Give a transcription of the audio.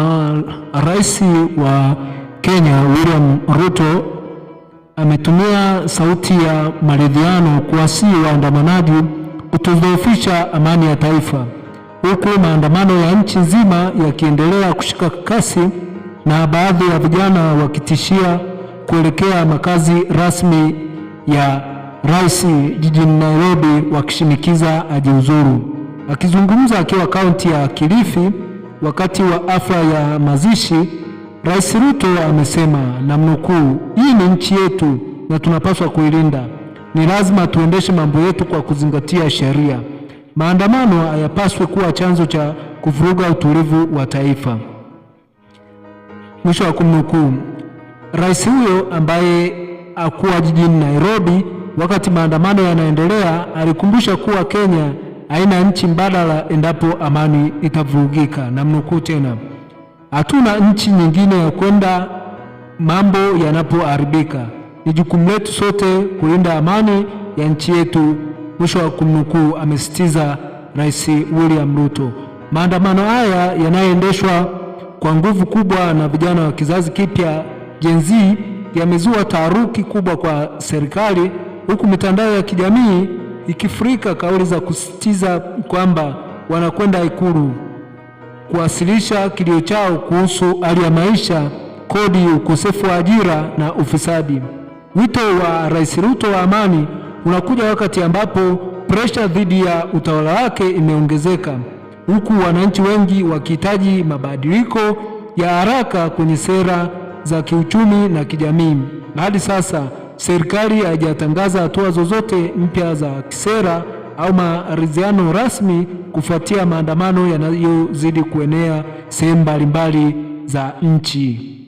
Uh, rais wa Kenya William Ruto ametumia sauti ya maridhiano kuwasihi waandamanaji kutodhoofisha amani ya taifa, huku maandamano ya nchi nzima yakiendelea kushika kasi na baadhi ya vijana wakitishia kuelekea makazi rasmi ya rais jijini Nairobi wakishinikiza ajiuzuru. Akizungumza akiwa kaunti ya Kilifi wakati wa afra ya mazishi, Rais Ruto amesema namnukuu, hii ni nchi yetu na tunapaswa kuilinda. Ni lazima tuendeshe mambo yetu kwa kuzingatia sheria. Maandamano hayapaswi kuwa chanzo cha kuvuruga utulivu wa taifa, mwisho wa kumnukuu. Rais huyo ambaye hakuwa jijini Nairobi wakati maandamano yanaendelea alikumbusha kuwa Kenya aina ya nchi mbadala endapo amani itavurugika. Namnukuu tena, hatuna nchi nyingine ya kwenda mambo yanapoharibika, ni jukumu letu sote kulinda amani ya nchi yetu, mwisho wa kumnukuu, amesisitiza Rais William Ruto. Maandamano haya yanayoendeshwa kwa nguvu kubwa na vijana wa kizazi kipya Gen Z yamezua taharuki kubwa kwa serikali, huku mitandao ya kijamii ikifurika kauli za kusisitiza kwamba wanakwenda Ikulu kuwasilisha kilio chao kuhusu hali ya maisha, kodi, ukosefu wa ajira na ufisadi. Wito wa Rais Ruto wa amani unakuja wakati ambapo presha dhidi ya utawala wake imeongezeka, huku wananchi wengi wakihitaji mabadiliko ya haraka kwenye sera za kiuchumi na kijamii. Hadi sasa serikali haijatangaza hatua zozote mpya za kisera au maridhiano rasmi kufuatia maandamano yanayozidi kuenea sehemu mbalimbali za nchi.